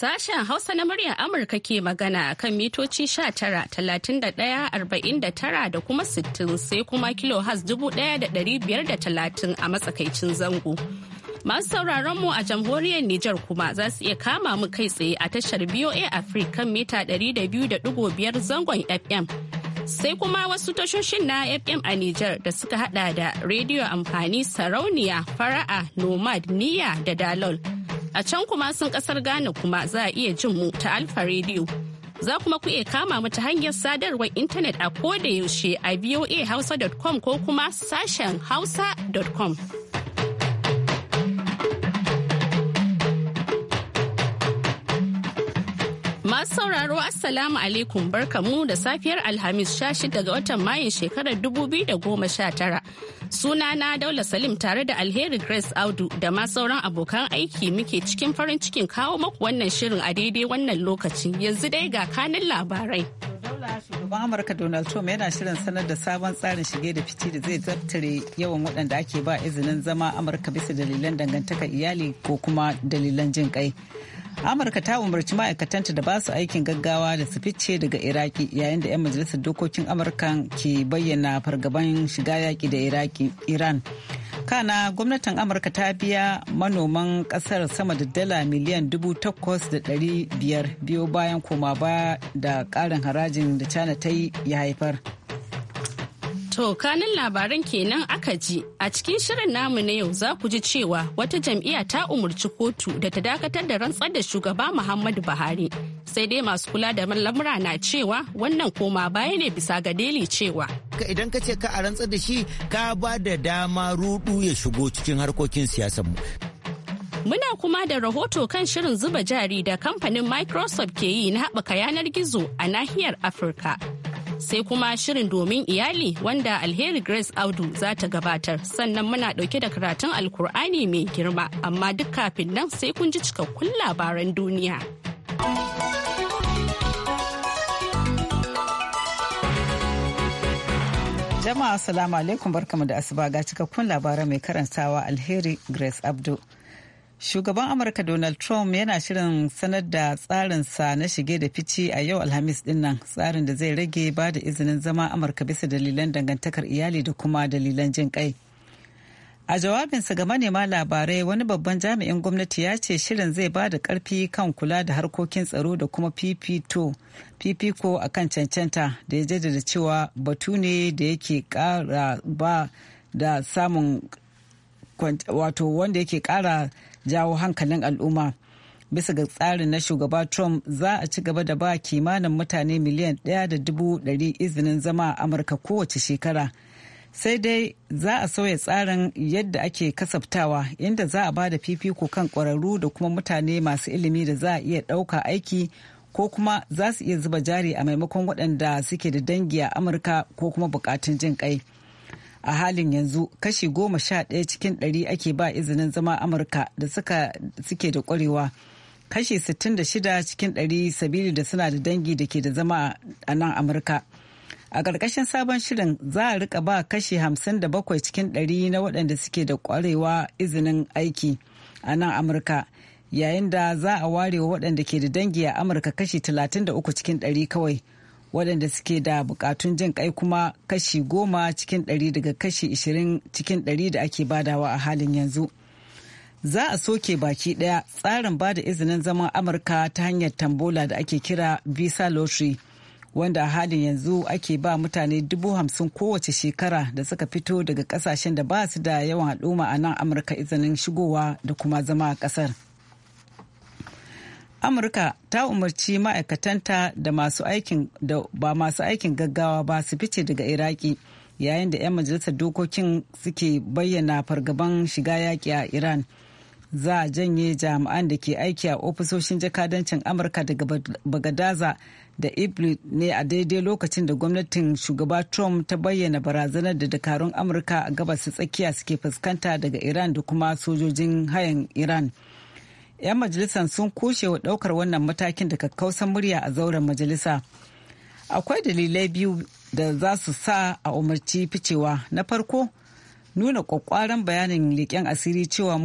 Sashen Hausa na murya Amurka ke magana kan mitoci 19,31,49 da kuma 60 sai kuma kilo has 1,530 a matsakaicin zango. Masu sauraron mu a jamhuriyar Nijar kuma za su iya kama mu kai tsaye a tashar BOA Africa kan mita 200.5 zangon FM. Sai kuma wasu tashoshin na FM a Nijar da suka hada da rediyo amfani sarauniya, fara'a, nomad, niya da dalol. A can kuma sun kasar Ghana kuma za a iya jin mu ta Alfa Radio. Za kuma ku iya kama mu ta hanyar sadarwar intanet a ko da yaushe a voahausa.com ko kuma sashen hausa.com. Masu sauraro Assalamu alaikum barkamu da safiyar Alhamis 16 ga watan Mayun shekarar 2019. Sunana Daula Salim tare da Alheri Grace Audu da ma sauran abokan aiki muke cikin farin cikin kawo maku wannan shirin a daidai wannan lokaci yanzu dai ga kanin labarai. shugaban amurka donald trump yana shirin sanar da sabon tsarin shige da fice da zai zaftare yawan waɗanda ake ba izinin zama amurka bisa dalilan dangantakar iyali ko kuma dalilan jin kai amurka ta umarci ma'aikatanta da ba su aikin gaggawa da su fice daga iraki yayin da 'yan majalisar dokokin amurka ke bayyana fargaban shiga yaƙi da iraki iran kana gwamnatin amurka ta biya manoman kasar sama da dala miliyan dubu takwas da ɗari biyar biyo bayan koma ba da ƙarin harajin da china ta yi ya haifar To kanin labaran kenan aka ji a cikin shirin namu na yau za ku ji cewa wata jam'iyya ta umarci kotu da ta dakatar da rantsar da shugaba Muhammadu Buhari. Sai dai masu kula da lamura na cewa wannan koma baya ne bisa ga deli cewa. Idan ka ce ka a rantsar da shi ka ba da dama rudu ya shigo cikin harkokin siyasar mu. Muna kuma da rahoto kan shirin zuba jari da kamfanin Microsoft ke yi na haɓaka yanar gizo a nahiyar Afirka. sai kuma shirin domin iyali wanda alheri grace audu za ta gabatar sannan muna dauke da karatun alkur'ani mai girma amma duk kafin nan sai kun ji cikakkun labaran duniya jama'a salamu alaikum barkamu da asuba ga cikakkun labaran mai karantawa alheri grace abdu Shugaban Amurka Donald Trump yana shirin sanar da tsarinsa na shige da fice a yau Alhamis dinnan tsarin da zai rage ba da izinin zama Amurka bisa dalilan dangantakar iyali da kuma dalilan jin kai. A jawabinsa ga manema labarai wani babban jami'in gwamnati ya ce shirin zai ba da karfi kan kula da harkokin tsaro da kuma fifiko a kan cancanta da ya jaddada cewa batu ne da yake kara ba da samun wato wanda yake kara jawo hankalin al'umma bisa ga tsarin na shugaba trump za a ci gaba da ba kimanin mutane miliyan ɗaya da dubu ɗari izinin zama a amurka kowace shekara sai dai za a sauya tsarin yadda ake kasaftawa inda za a ba da fifiko kan ƙwararru da kuma mutane masu ilimi da za a iya ɗauka aiki ko kuma za su iya zuba jari a maimakon waɗanda suke da dangi a amurka ko kuma bukatun jin ƙai. a halin yanzu kashi goma sha ɗaya cikin ɗari ake ba izinin zama amurka da suke da ƙwarewa kashi sittin da shida cikin ɗari sabili da suna da dangi da ke da zama a nan amurka a ƙarƙashin sabon shirin za a rika ba kashi hamsin da bakwai cikin ɗari na waɗanda suke da ƙwarewa izinin aiki a nan amurka yayin da za a ware waɗanda ke da dangi a amurka kashi talatin da uku cikin ɗari kawai waɗanda suke da bukatun jin kai kuma kashi goma cikin ɗari daga kashi ishirin cikin ɗari da ake badawa a halin yanzu za a soke baki ɗaya tsarin ba da izinin zaman amurka ta hanyar tambola da ake kira visa lottery wanda a halin yanzu ake ba mutane dubu hamsin kowace shekara da suka fito daga kasashen da ba su da yawan al'umma a nan amurka izinin shigowa da kuma zama a ƙasar. amurka ta umarci ma'aikatanta da masu aikin da ba masu aikin gaggawa ba su fice daga iraki yayin da 'yan majalisar dokokin suke bayyana fargaban shiga yaƙi a iran za a janye jami'an da ke aiki a ofisoshin jakadancin amurka daga bagadaza da iblis ne a daidai lokacin da gwamnatin shugaba trump ta bayyana barazanar da dakarun amurka a gabas tsakiya suke fuskanta daga iran da kuma sojojin hayan iran. 'yan majalisar sun kushe wa ɗaukar wannan matakin da kakkausan murya a zauren majalisa akwai dalilai biyu da za su sa a umarci ficewa na farko nuna kwakwaran bayanin leƙen asiri cewa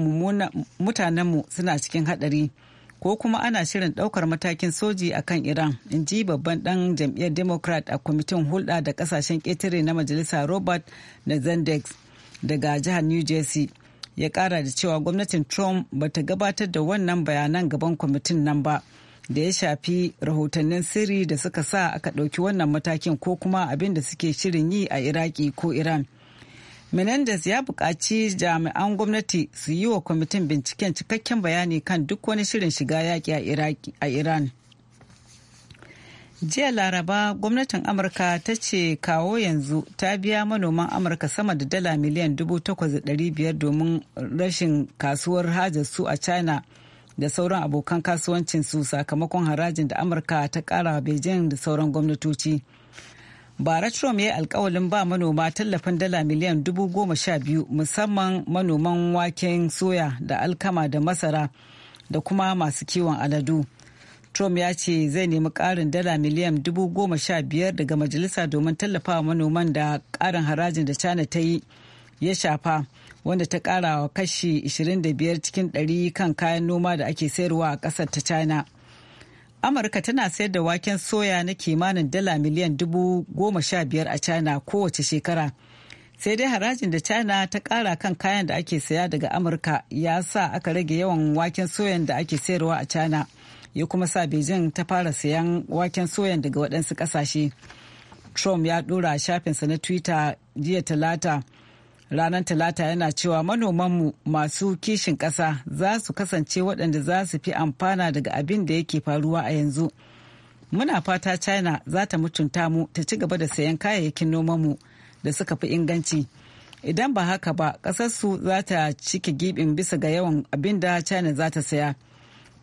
mutanenmu suna cikin haɗari ko kuma ana shirin ɗaukar matakin soji a kan iran in ji babban ɗan jam'iyyar democrat a kwamitin hulɗa da ƙasashen ƙetare na majalisa robert na daga jihar new jersey ya kara da cewa gwamnatin trump ba ta gabatar da wannan bayanan gaban kwamitin nan ba da ya shafi rahotannin sirri da suka sa aka ɗauki wannan matakin ko kuma abin da suke shirin yi a iraki ko iran menendez ya buƙaci jami'an gwamnati su yi wa kwamitin binciken cikakken bayani kan duk wani shirin shiga yaƙi a iran jiya laraba gwamnatin amurka ta ce kawo yanzu ta biya manoman amurka sama da dala miliyan 8,500 domin rashin kasuwar hajar su a china da sauran abokan kasuwancinsu sakamakon harajin da amurka ta kara beijing da sauran gwamnatoci bara trump ya yi alkawalin ba manoma tallafin dala miliyan 12,000 musamman manoman waken soya da alkama da masara da kuma masu kiwon aladu. Trump ya ce zai nemi ƙarin dala miliyan dubu goma sha biyar daga majalisa domin tallafawa manoman da ƙarin harajin da China ta yi ya shafa wanda ta ƙara wa kashi 25 cikin 100 kan kayan noma da ake sayarwa a ƙasar ta China. Amurka tana sayar da waken soya na kimanin dala miliyan dubu goma sha a China kowace shekara. sai dai harajin da china ta kara kan kayan da ake saya daga amurka ya sa aka rage yawan waken soyan da ake sayarwa a china ya kuma sa beijing ta fara sayan waken soyan daga waɗansu ƙasashe trump ya ɗora shafinsa na twitter jiya talata ranar talata yana cewa manomanmu masu kishin ƙasa za su kasance waɗanda za su fi amfana daga abin da yake faruwa a yanzu muna fata china za ta mutunta mu ta ci gaba da sayan kayayyakin nomanmu da suka fi inganci idan ba haka ba ƙasarsu za ta cike gibin bisa ga yawan abin da china za ta saya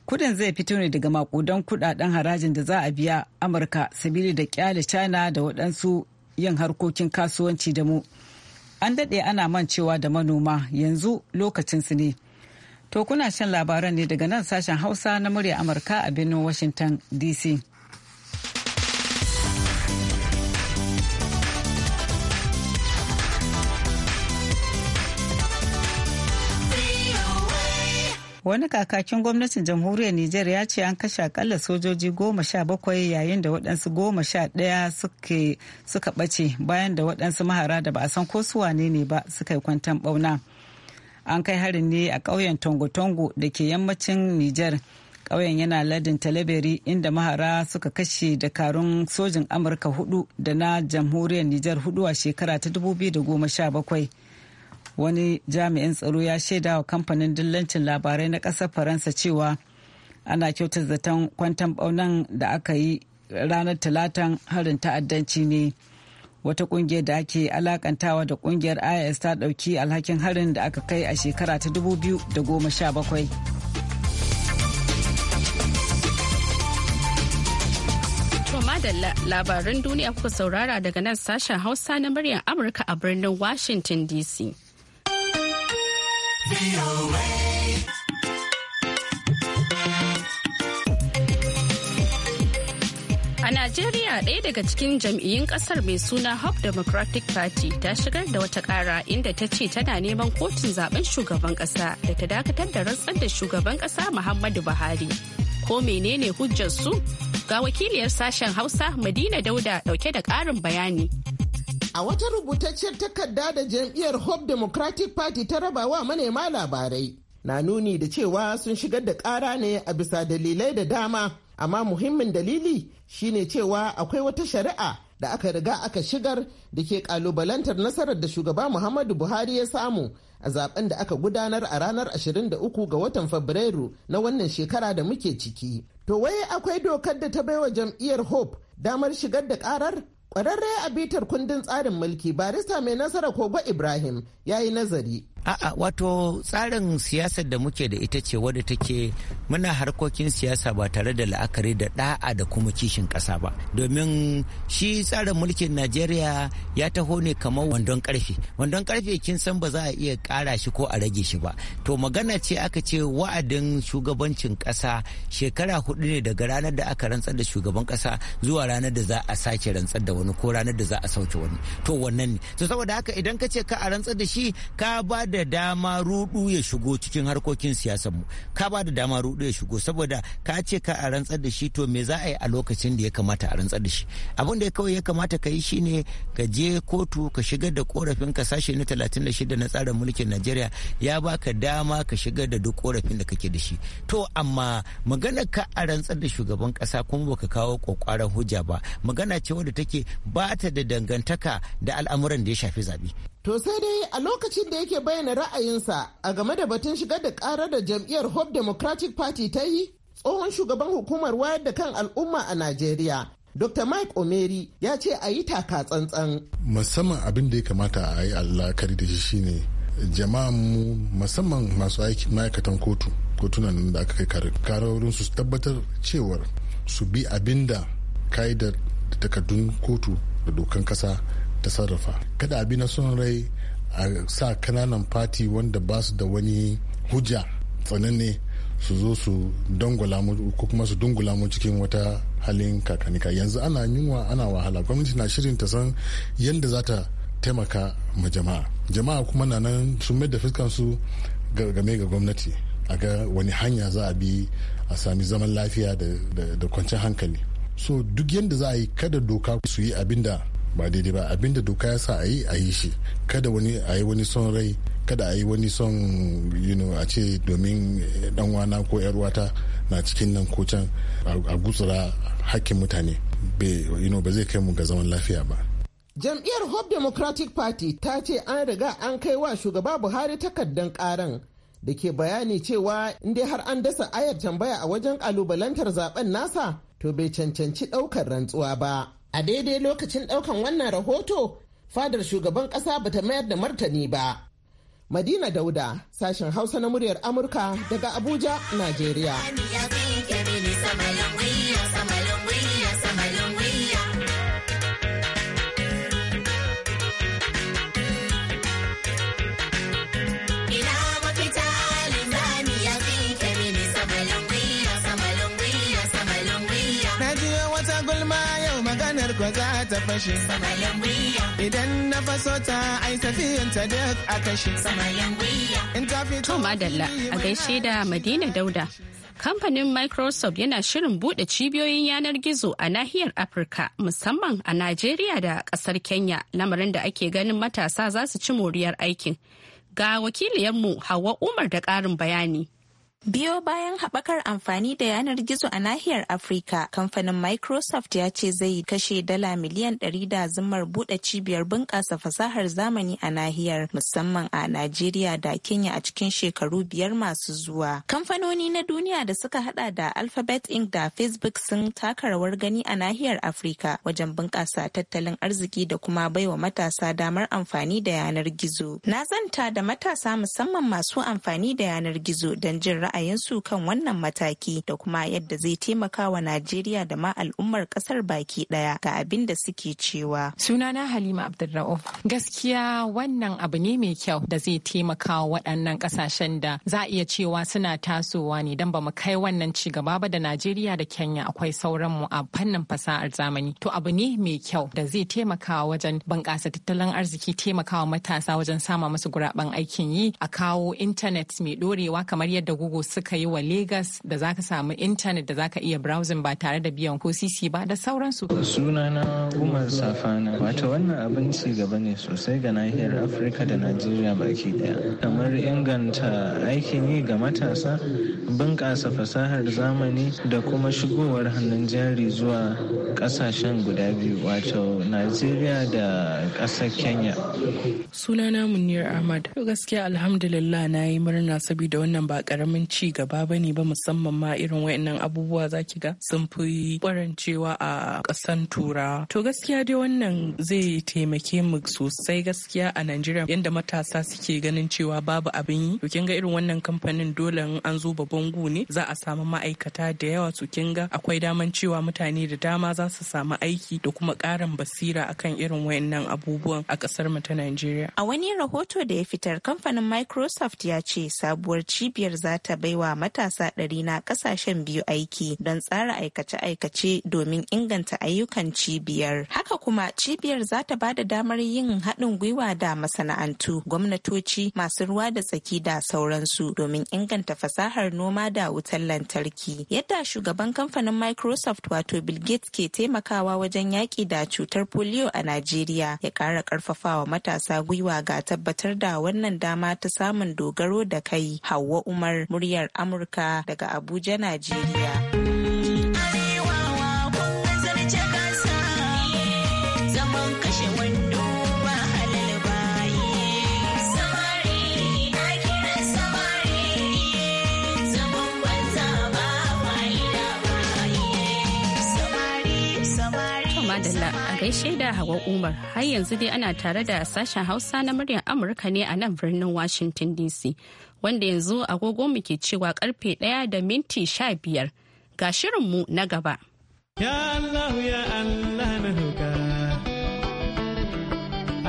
kudin zai fito ne daga makudan kudaden harajin da za a biya amurka sabili da kyale china da waɗansu yin harkokin kasuwanci da mu an daɗe ana mancewa da manoma yanzu lokacinsu ne to kuna shan labaran ne daga nan sashen hausa na murya amurka a birnin washington dc Wani kakakin gwamnatin jamhuriyar Nijar ya ce an kashe akalla sojoji goma sha bakwai yayin da waɗansu goma sha ɗaya suka ɓace bayan da waɗansu mahara da ba a san ko su wane ne ba suka yi kwantan ɓauna. An kai harin ne a ƙauyen Tongo-Tongo da ke yammacin Nijar. Ƙauyen yana ladin talabari inda mahara suka kashe dakarun sojin Amurka hudu da na jamhuriyar Nijar hudu a shekara ta 2017. wani jami'in tsaro ya shaida wa kamfanin dillancin labarai na ƙasar faransa cewa ana kyautar zaton kwantan ɓaunan da aka yi ranar talatan harin ta'addanci ne wata ƙungiyar da ake alakantawa da ƙungiyar is ta ɗauki alhakin harin da aka kai a shekara ta 2017 da labaran duniya kuka saurara daga nan sashen hausa na muryar amurka a birnin washington dc A Najeriya ɗaya daga cikin jam'iyyun ƙasar mai suna Hope Democratic Party ta shigar da wata ƙara inda ta ce tana neman kotun zaben shugaban ƙasa da ta dakatar da rantsar da shugaban ƙasa Muhammadu Buhari. Ko menene hujjar su? Ga wakiliyar sashen Hausa Madina Dauda ɗauke da ƙarin bayani. A wata rubutacciyar takarda da jam'iyyar Hope Democratic Party ta raba wa manema labarai na nuni da cewa sun shigar da ƙara ne a bisa dalilai da dama, amma muhimmin dalili shine cewa akwai wata shari'a da aka riga aka shigar da ke kalubalantar nasarar da shugaba Muhammadu Buhari ya samu a zaben da aka gudanar a ranar 23 ga watan Fabrairu na wannan shekara da muke ciki. To wai akwai dokar da ta baiwa jam'iyyar Hope damar shigar da karar Ƙwararre a bitar kundin tsarin mulki barista mai nasara Kogo Ibrahim ya yi nazari A'a wato tsarin siyasar da muke da ita ce wadda take muna harkokin siyasa ba tare da la'akari da da'a da kuma kishin ƙasa ba. Domin shi tsarin mulkin Najeriya ya taho ne kamar wandon karfe. Wandon karfe kin san ba za a iya ƙara shi ko a rage shi ba. To magana ce aka ce wa'adin shugabancin ƙasa shekara hudu ne daga ranar da aka rantsar da shugaban ƙasa zuwa ranar da za a sake rantsar da wani ko ranar da za a sauke wani. To wannan ne. To saboda haka idan ka ce ka a rantsar da shi ka ba da dama rudu ya shigo cikin harkokin siyasar mu ka ba da dama rudu ya shigo saboda ka ce ka a rantsar da shi to me za a yi a lokacin da ya kamata a rantsar da shi abin da kawai ya kamata ka yi shine ka je kotu ka shigar da korafin ka sashe na 36 na tsarin mulkin Najeriya ya baka dama ka shigar da duk korafin da kake da shi to amma magana ka a rantsar da shugaban kasa kuma baka kawo kokwaran hujja ba magana ce wadda take ba ta da dangantaka da al'amuran da ya shafi zaɓe. To sai dai a lokacin da yake bayyana ra'ayinsa a game da batun shigar da karar da jam'iyyar Hope Democratic Party ta yi, tsohon shugaban hukumar wayar da kan al'umma a Najeriya. Dr. Mike Omeri ya ce a yi taka tsantsan. Musamman abin da ya kamata a yi alakari da shi shine jama'an mu musamman masu aiki ma'aikatan kotu kotunan da aka kai karorin su tabbatar cewar su bi abin da ka'idar da takardun kotu da dokan kasa ta sarrafa kada abi na son rai a sa kananan fati wanda ba su da wani hujja tsananne su zo su dangula ko kuma su dungula mu cikin wata halin kakanika yanzu ana yunwa ana wahala gwamnati na shirin ta san yadda za ta taimaka ma jama'a jama'a kuma na nan sun mai da su game ga gwamnati a ga wani hanya za a bi a sami zaman lafiya da kwanciyar hankali so duk yadda za a yi kada doka su yi abin da ba daidai ba abinda doka ya sa a yi a yi shi kada wani a yi wani son rai kada a yi wani son you know, a ce domin dan wana ko yarwata na cikin nan ko can a gutsura hakkin mutane ba zai kai mu ga zaman lafiya ba jam'iyyar hope democratic party ta ce an riga an kai wa shugaba buhari takardar karan da ke bayani cewa inda har an dasa ayar tambaya a wajen kalubalantar zaben nasa to bai cancanci daukar rantsuwa ba A daidai lokacin ɗaukan wannan rahoto, fadar shugaban ƙasa bata mayar da martani ba. Madina Dauda, sashen Hausa na muryar Amurka daga Abuja, Najeriya. ba za ta a gaishe da madina dauda kamfanin microsoft yana shirin bude cibiyoyin yanar gizo a nahiyar afirka musamman a najeriya da kasar kenya lamarin da ake ganin matasa za su ci moriyar aikin ga wakiliyarmu hawa umar da ƙarin bayani Biyo bayan haɓakar amfani da yanar gizo a nahiyar Afirka, kamfanin Microsoft ya ce zai kashe dala miliyan ɗari da zimmar buɗe cibiyar bunƙasa fasahar zamani a nahiyar musamman a Najeriya da Kenya a cikin shekaru biyar masu zuwa. Kamfanoni na duniya da suka hada da Alphabet Inc. da Facebook sun taka rawar gani a nahiyar Afirka wajen bunƙasa tattalin arziki da kuma baiwa matasa damar amfani da yanar gizo. Na zanta da matasa musamman masu amfani da yanar gizo don jin ra'ayinsu kan wannan mataki da kuma yadda zai taimaka wa Najeriya da ma al'ummar kasar baki daya ga abin da suke cewa. Sunana Halima Abdulra'uf. Gaskiya wannan abu ne mai kyau da zai taimaka wa waɗannan ƙasashen da za a iya cewa suna tasowa ne don ba mu kai wannan ci gaba ba da Najeriya da Kenya akwai sauran mu a fannin fasahar zamani. To abu ne mai kyau da zai taimaka wajen bunƙasa tattalin arziki taimakawa matasa wajen sama musu guraben aikin yi a kawo intanet mai ɗorewa kamar yadda Google suka yi wa Legas da za ka samu intanet da za ka iya browsing ba tare da biyan ko sisi ba da sauransu. Sunana Umar Safana wato wannan abin ci gaba ne sosai ga nahiyar Afirka da Najeriya baki daya. Kamar inganta aikin yi ga matasa, bunƙasa fasahar zamani da kuma shigowar hannun jari zuwa ƙasashen guda biyu wato Najeriya da ƙasar Kenya. Sunana Munir Ahmad. Gaskiya alhamdulillah na yi murna saboda wannan ba ƙaramin ci gaba ba ne ba musamman ma irin wayannan abubuwa za ki ga sun fi kwarancewa a ƙasan turawa to gaskiya dai wannan zai taimake mu sosai gaskiya a najeriya yadda matasa suke ganin cewa babu abin yi to kin ga irin wannan kamfanin dole an zo babban gu ne za a samu ma'aikata da yawa to kin ga akwai daman cewa mutane da dama za su samu aiki da kuma ƙarin basira akan irin wayannan abubuwan a ƙasar mu ta najeriya a wani rahoto da ya fitar kamfanin microsoft ya ce sabuwar cibiyar za ta baiwa matasa ɗari na ƙasashen biyu aiki don tsara aikace-aikace domin inganta ayyukan cibiyar. Haka kuma cibiyar za ta ba da damar yin haɗin gwiwa da masana'antu, gwamnatoci, masu ruwa da tsaki da sauransu domin inganta fasahar noma da wutar lantarki. Yadda shugaban kamfanin Microsoft wato Bill Gates ke taimakawa wajen yaƙi da cutar polio a Najeriya ya ƙara ƙarfafawa matasa gwiwa ga tabbatar da wannan dama ta samun dogaro da kai. Hauwa Umar murya muryar Amurka daga Abuja, Najeriya. gaishe da Hawa Umar har yanzu dai ana tare da sashen Hausa na muryar Amurka ne a nan birnin Washington DC. wanda yanzu agogo muke cewa karfe ɗaya da minti sha biyar ga shirinmu na gaba. Ya Allah ya Allah na roƙa,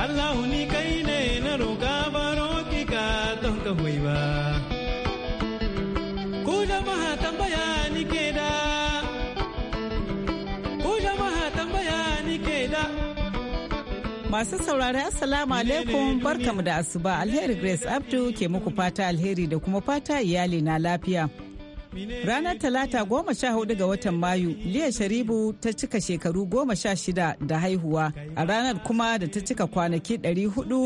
Allah ni kai ne na roƙa baro ki ka don ka ba. Masu saurari Assalamu alaikum barkamu da asuba alheri Grace Abdu ke muku fata alheri da kuma fata iyali na lafiya. Ranar Talata goma sha hudu ga watan Mayu, Liya Sharibu ta cika shekaru goma sha shida da haihuwa a ranar kuma da ta cika kwanaki da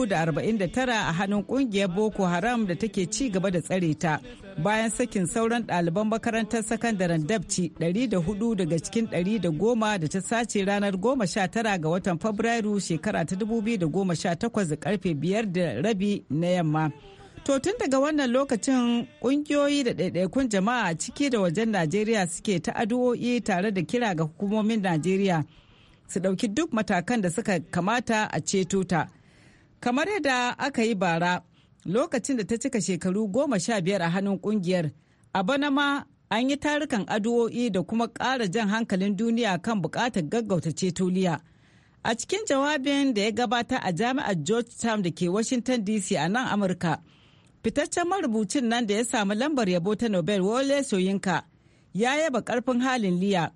da arba'in tara a hannun kungiyar Boko Haram da take ci gaba da tsare ta. bayan sakin sauran ɗaliban makarantar sakandaren dabci 104 daga cikin 110 da ta sace ranar 19 ga watan fabrairu shekara ta 2018 da karfe 5 da rabi na yamma. To tun daga wannan lokacin kungiyoyi da ɗaiɗaikun jama'a ciki da wajen Najeriya suke ta addu'o'i tare da kira ga hukumomin Najeriya su ɗauki duk matakan da suka kamata a ceto ta. Kamar yadda aka yi bara, lokacin da ta cika shekaru goma sha biyar a hannun kungiyar a bana ma an yi tarukan addu'o'i da kuma ƙara jan hankalin duniya kan buƙatar gaggauta cetoliya a cikin jawabin da ya gabata a jami'ar georgetown da ke washington dc a nan amurka fitaccen marubucin nan da ya samu lambar yabo ta nobel wole soyinka ya yaba karfin halin liya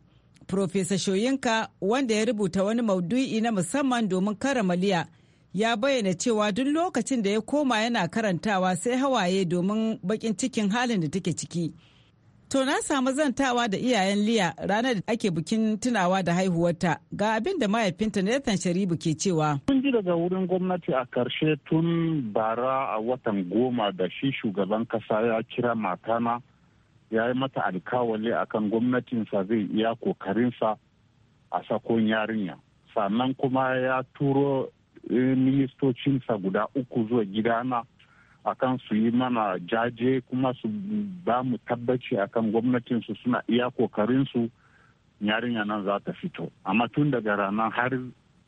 Profesa Shoyinka wanda ya rubuta wani maudu'i na musamman domin karama liya ya bayyana cewa duk lokacin da ya koma yana karantawa sai hawaye domin bakin cikin halin da take ciki. To na samu zantawa da iyayen Liya ranar da ake bikin tunawa da haihuwarta ga abin da mahaifinta Nathan Sharibu ke cewa. Mun ji daga wurin gwamnati a karshe tun bara a watan goma da shi shugaban kasa ya kira matana ya yi mata alkawali akan gwamnatinsa zai iya kokarinsa a sakon yarinya. Sannan kuma ya turo Eh, ministocinsa guda uku zuwa gidana akan su yi mana jaje kuma su ba mu tabbaci akan gwamnatinsu suna iya kokarinsu yarinya nan za ta fito amma tun daga ranar har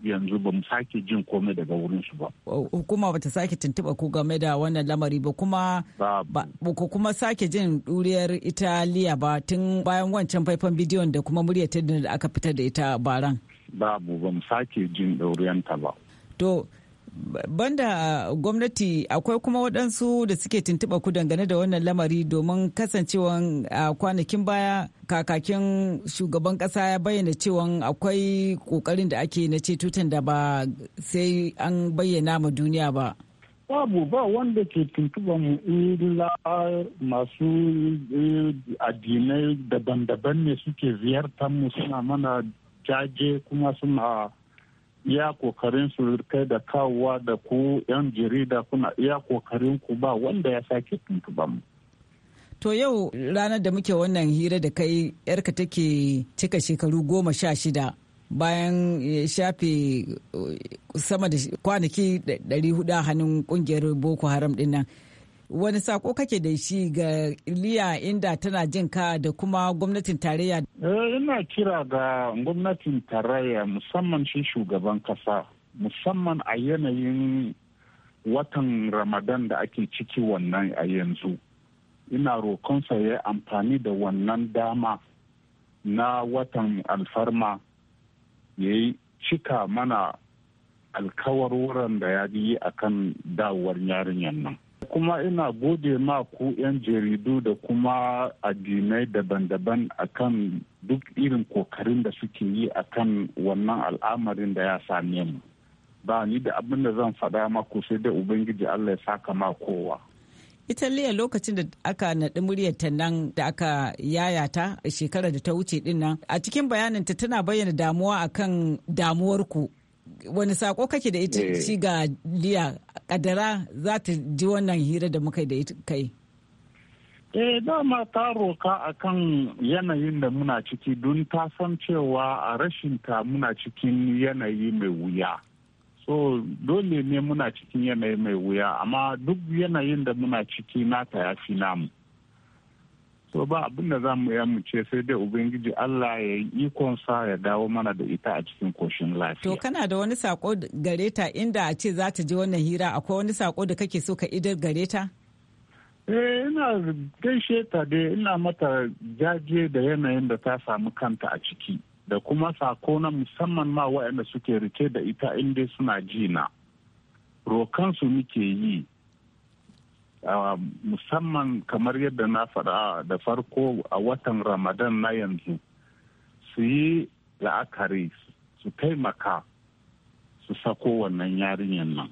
yanzu ba mu sake jin komai daga wurinsu ba. Hukuma ba ta sake tuntuɓa ku game da wannan lamari ba kuma ba ku kuma sake jin ɗuriyar Italiya ba tun bayan wancan faifan bidiyon da kuma muryar da aka fitar da ita baran. Babu ba mu sake jin ɗauriyanta ba. to banda gwamnati akwai kuma waɗansu da suke tuntuɓa ku dangane da wannan lamari domin kasancewan kwanakin baya kakakin shugaban ƙasa ya bayyana cewa akwai ƙoƙarin da ake na cetutan da ba sai an bayyana ma duniya ba babu ba wanda ke tuntuɓa mu illa masu e, addinai daban-daban ne suke ziyartar mu suna mana jaje kuma suna ya kokarin su kai da kawowa da ku 'yan jarida kuna iya kokarin ku ba wanda ya sake tuntuban mu. To yau ranar da muke wannan hira da kai yarka take cika shekaru goma sha shida bayan shafe uh, sama da kwanaki 400 hannun kungiyar Boko Haram dinnan wani sako kake da shi ga iliya inda tana jin ka da kuma gwamnatin tarayya eh, ina kira ga gwamnatin tarayya musamman shi shugaban kasa musamman a yanayin watan ramadan da ake ciki wannan a yanzu ina rokonsa ya amfani da wannan dama na watan alfarma ya yi cika mana alkawar wuran da ya yi a kan dawowar yarinyar nan kuma ina gode ma ku 'yan jaridu da kuma addinai daban-daban akan duk irin kokarin da suke yi akan wannan al'amarin da ya same mu ba ni da abin da zan faɗa maku sai dai ubangiji allah ya saka ma kowa italiya lokacin da aka naɗi muryarta nan da aka yayata shekarar da ta wuce din a cikin bayaninta tana bayyana damuwa akan damuwar ku. wani sako kake da ita ci eh. ga diya kadara za ta ji wannan hira da muka da ita kai eh dama ta roka akan yanayin da muna ciki don ta san cewa a rashin ta muna cikin yanayi mai wuya so dole ne muna cikin yanayi mai wuya amma duk yanayin da muna ciki nata ya fi namu to ba abin da za mu yi mu ce sai dai ubangiji Allah ya yi ikonsa ya dawo mana da ita a cikin koshin lafiya. To kana da wani sako gareta inda a ce za ta ji wannan hira akwai wani sako da kake so ka idar gareta. ta? Eh ina gaishe ta dai ina mata jaje da yanayin da ta samu kanta a ciki da kuma sako na musamman ma waɗanda suke rike da ita inda suna ji na. Rokansu muke yi Ah, musamman kamar yadda na faɗa da farko a watan ramadan na yanzu su yi la'akari su taimaka su sako wannan yarinyar nan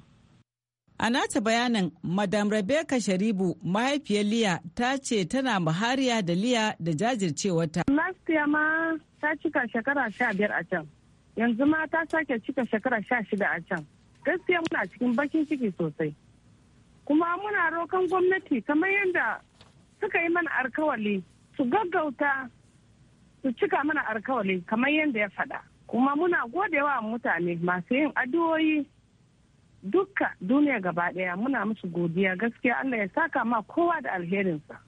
A nata bayanin Madam Rebecca Sharibu mahaifiyar Liya ta ce tana mahariya da Liya da jajircewarta. Last year ma ta cika shekara sha biyar a can. Yanzu ma ta sake cika shekara sha shida a can. Gaskiya muna cikin bakin ciki sosai. kuma muna rokan gwamnati kamar yadda suka yi mana alkawali su gaggauta su cika mana alkawali kamar yadda ya faɗa kuma muna godewa mutane masu yin addu'o'i duka duniya gaba ɗaya muna musu godiya gaskiya allah ya saka ma kowa da alherinsa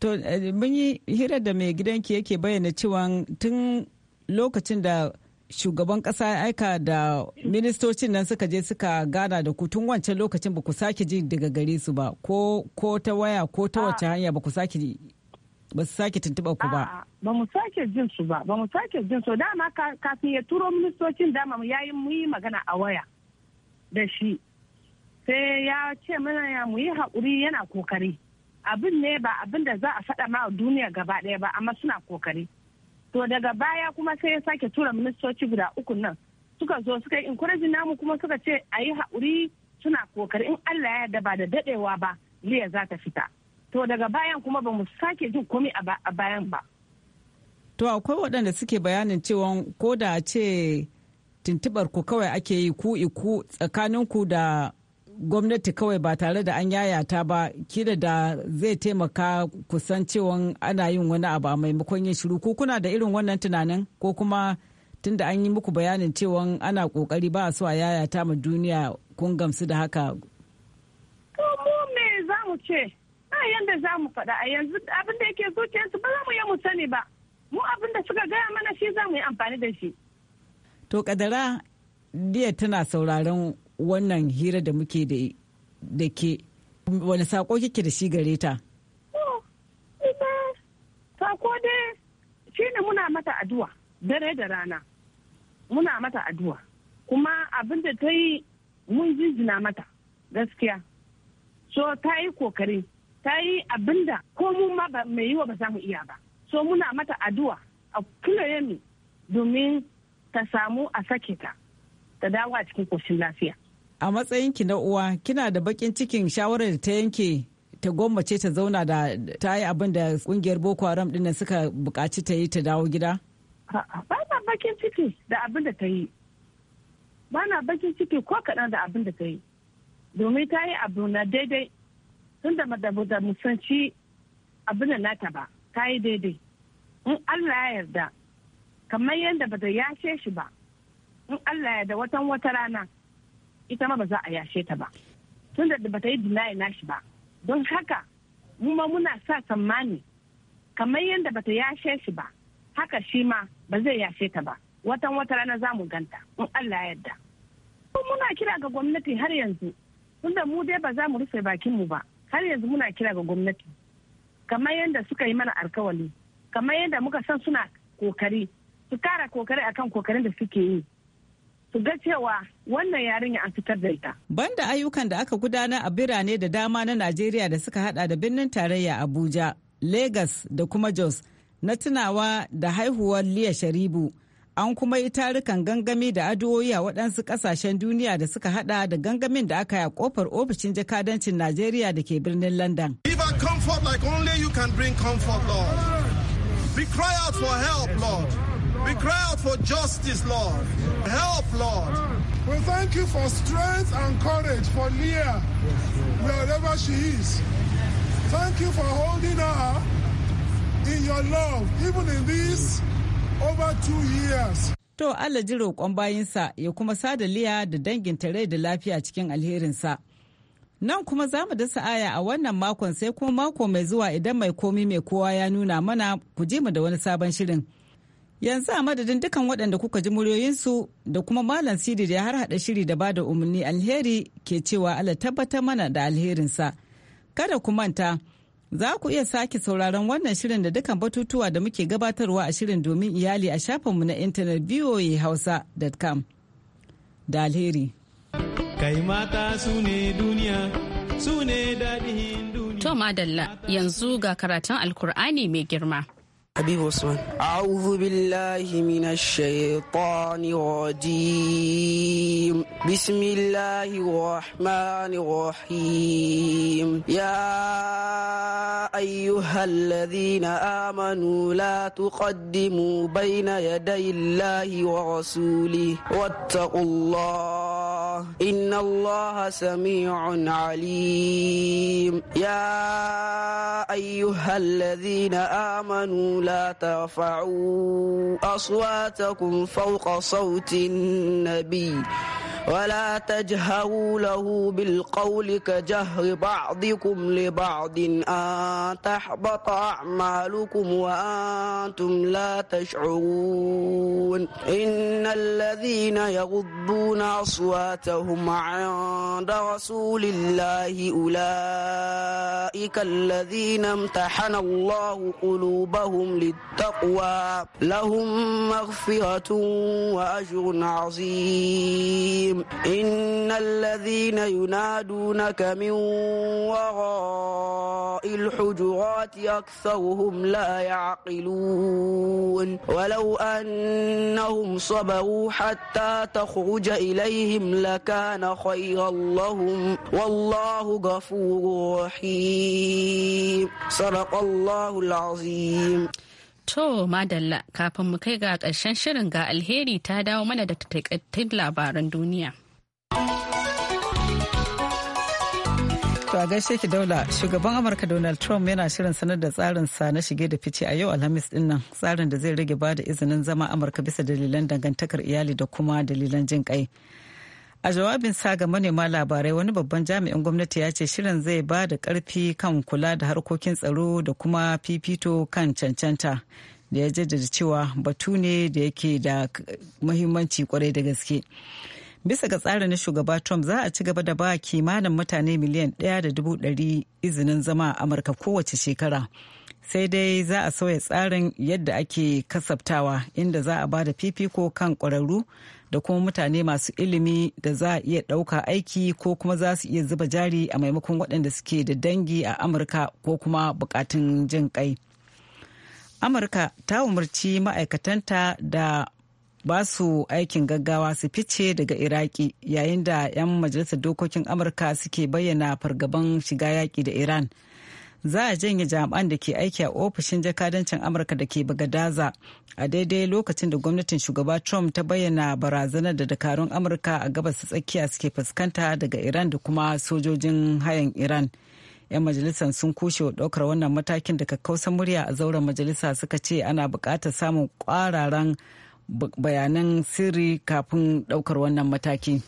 to eh, mun yi hira da mai gidanki yake bayyana cewa tun lokacin da shugaban kasa ya aika da ministocin nan suka je suka gana da ku tun wancan lokacin ba ku sake ji daga gare su ba ko ta waya ko ta ah. wace hanya ba ku sake ba su sake tuntuɓa ku ba. Ah, ba mu sake jin su ba, ba mu sake jin su dama kafin ya turo ministocin dama mu yayin mu yi magana a waya da shi. Sai ya ce mana ya mu yi haƙuri yana kokari. Abin ne ba abin da za a faɗa ma a duniya gaba ɗaya ba amma suna kokari. to daga baya kuma sai ya sake tura ministoci guda uku nan suka zo suka yi encourage namu kuma suka ce a yi haƙuri suna kokari in Allah ya yarda ba da dadewa ba liya za ta fita to daga bayan kuma ba mu sake jin komai a bayan ba to akwai waɗanda suke bayanin cewa ko da ce tuntubar ku kawai ake yi ku iku tsakanin ku da gwamnati kawai ba tare da an yayata ba kila da zai taimaka kusan cewa ana yin wani abu a maimakon yin shiru ko kuna da irin wannan tunanin ko kuma tun da an yi muku bayanin cewa ana kokari ba a so a yayata ma duniya kun gamsu da haka ko mu me za mu ce a yanda za mu faɗa a yanzu abin da yake zuciyarsu ba za mu yi mu sani ba mu abin da suka gaya mana shi za mu yi amfani da shi to kadara diya tana sauraron wannan hira da muke da ke wani sako kike da shi gare ta? Sako dai shi ne muna mata addu'a dare da rana muna mata addu'a kuma abin da ta yi mun jinjina mata gaskiya so ta yi kokari ta yi abin da ko mun ma mai yi wa ba za mu iya ba so muna mata addu'a a kula domin ta samu a sake ta ta dawo a cikin koshin lafiya a matsayinki na uwa kina da bakin cikin shawarar da ta yanke ta gwammace ta zauna da ta yi abin da kungiyar boko haram din suka bukaci ta yi ta dawo gida? ba na bakin ciki da abin da ta yi ba na bakin ciki ko kaɗan da abin da ta yi domin ta yi abu na daidai tun da da musanci abin da nata ba ta yi daidai in allah ya yarda kamar yadda ba da yashe shi ba in allah ya da watan wata rana ita ma ba za a yashe ta ba tun da ba ta yi dinayi shi ba don haka mu ma muna sa tsammani kamar yadda ba ta yashe shi ba haka shi ma ba zai yashe ta ba watan wata rana za mu ganta in Allah yarda muna kira ga gwamnati har yanzu tun da mu dai ba za mu rufe bakin mu ba har yanzu muna kira ga gwamnati kamar yadda suka yi mana alkawali kamar yadda muka san suna kokari su kara kokari akan kokarin da suke yi su ga cewa wannan yarinya an fitar da ita. Banda ayyukan da aka gudanar a birane da dama na Najeriya da suka hada da birnin tarayya Abuja, Legas da kuma Jos na tunawa da haihuwar Liya Sharibu. An kuma yi tarukan gangami da addu'o'i a waɗansu ƙasashen duniya da suka hada da gangamin da aka yi a ƙofar ofishin jakadancin Najeriya da ke birnin London. Be cry out for help, Lord. We cry out for justice, Lord. Help, Lord. We thank you for strength and courage for Leah, wherever she is. Thank you for holding her in your love, even in these over two years. To Allah ji roƙon bayinsa ya kuma sada Liya da danginta rai da lafiya cikin alherinsa. Nan kuma za mu dasa aya a wannan makon sai kuma mako mai zuwa idan mai komi mai kowa ya nuna mana ku ji mu da wani sabon shirin. Yanzu a madadin dukan waɗanda kuka ji muryoyinsu da kuma Malam Sidi da har hada shiri da bada umarni alheri ke cewa Allah tabbatar mana da alherinsa. Kada ku manta, za ku iya sake sauraron wannan shirin da dukan batutuwa da muke gabatarwa a shirin domin iyali a shafinmu na intanet hausa.com Da alheri. Kai mata su ne duniya, su ne daɗin duniya. To Madalla, yanzu ga karatun Alkur'ani mai girma. حبيب عثمان أعوذ بالله من الشيطان الرجيم بسم الله الرحمن الرحيم يا أيها الذين آمنوا لا تقدموا بين يدي الله ورسوله واتقوا الله إن الله سميع عليم يا أيها الذين آمنوا لا ترفعوا أصواتكم فوق صوت النبي ولا تجهروا له بالقول كجهر بعضكم لبعض أن تحبط أعمالكم وأنتم لا تشعرون إن الذين يغضون أصواتهم هم عند رسول الله أولئك الذين امتحن الله قلوبهم للتقوى لهم مغفرة وأجر عظيم إن الذين ينادونك من وراء الحجرات أكثرهم لا يعقلون ولو أنهم صبروا حتى تخرج إليهم لكان kana khayran والله غفور رحيم صدق الله العظيم To madalla kafin mu kai ga ƙarshen shirin ga alheri ta dawo mana da takaitattun labaran duniya. To a gaishe ki daula shugaban Amurka Donald Trump yana shirin sanar da tsarinsa na shige da fice a yau Alhamis din tsarin da zai rage bada izinin zama Amurka bisa dalilan dangantakar iyali da kuma dalilan jin kai. a jawabin sa ga manema labarai wani babban jami'in gwamnati ya ce shirin zai ba da karfi kan kula da harkokin tsaro da kuma fifito kan cancanta da ya jaddada cewa batu ne da yake da muhimmanci kwarai da gaske bisa ga tsarin na shugaba trump za a ci gaba da ba kimanin mutane miliyan ɗaya da dubu ɗari izinin zama a amurka kowace shekara sai dai za a sauya tsarin yadda ake kasabtawa inda za a ba da fifiko kan ƙwararru da kuma mutane masu ilimi da za a iya ɗauka aiki ko kuma za su iya zuba jari a maimakon waɗanda suke da dangi a amurka ko kuma bukatun jin kai amurka ta umarci ma'aikatanta da ba su aikin gaggawa su fice daga iraki yayin da 'yan majalisar dokokin amurka suke bayyana fargaban shiga yaƙi da iran za a janye jami'an da ke aiki a ofishin jakadancin amurka da ke bagadaza a daidai lokacin da gwamnatin shugaba trump ta bayyana barazanar da dakarun amurka a gabas tsakiya suke fuskanta daga iran da kuma sojojin hayan iran 'yan majalisar sun kushe ɗaukar wannan matakin daga kausan murya a zauren majalisa suka ce ana buƙatar samun ƙwararan bayanan sirri kafin ɗaukar wannan mataki.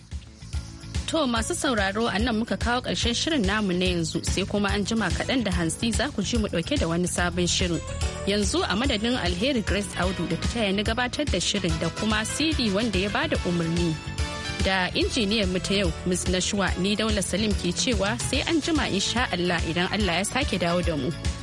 To masu sauraro a nan muka kawo ƙarshen shirin namu na yanzu sai kuma an jima kaɗan da hansi za ku ji mu ɗauke da wani sabon shirin. Yanzu a madadin alheri Grace Audu da ta taya ni gabatar da shirin da kuma CD wanda ya bada umarni. Da injiniyan mu ta yau Ms. Nashwa ni Daula Salim ke cewa sai an jima insha Allah idan Allah ya sake dawo da mu.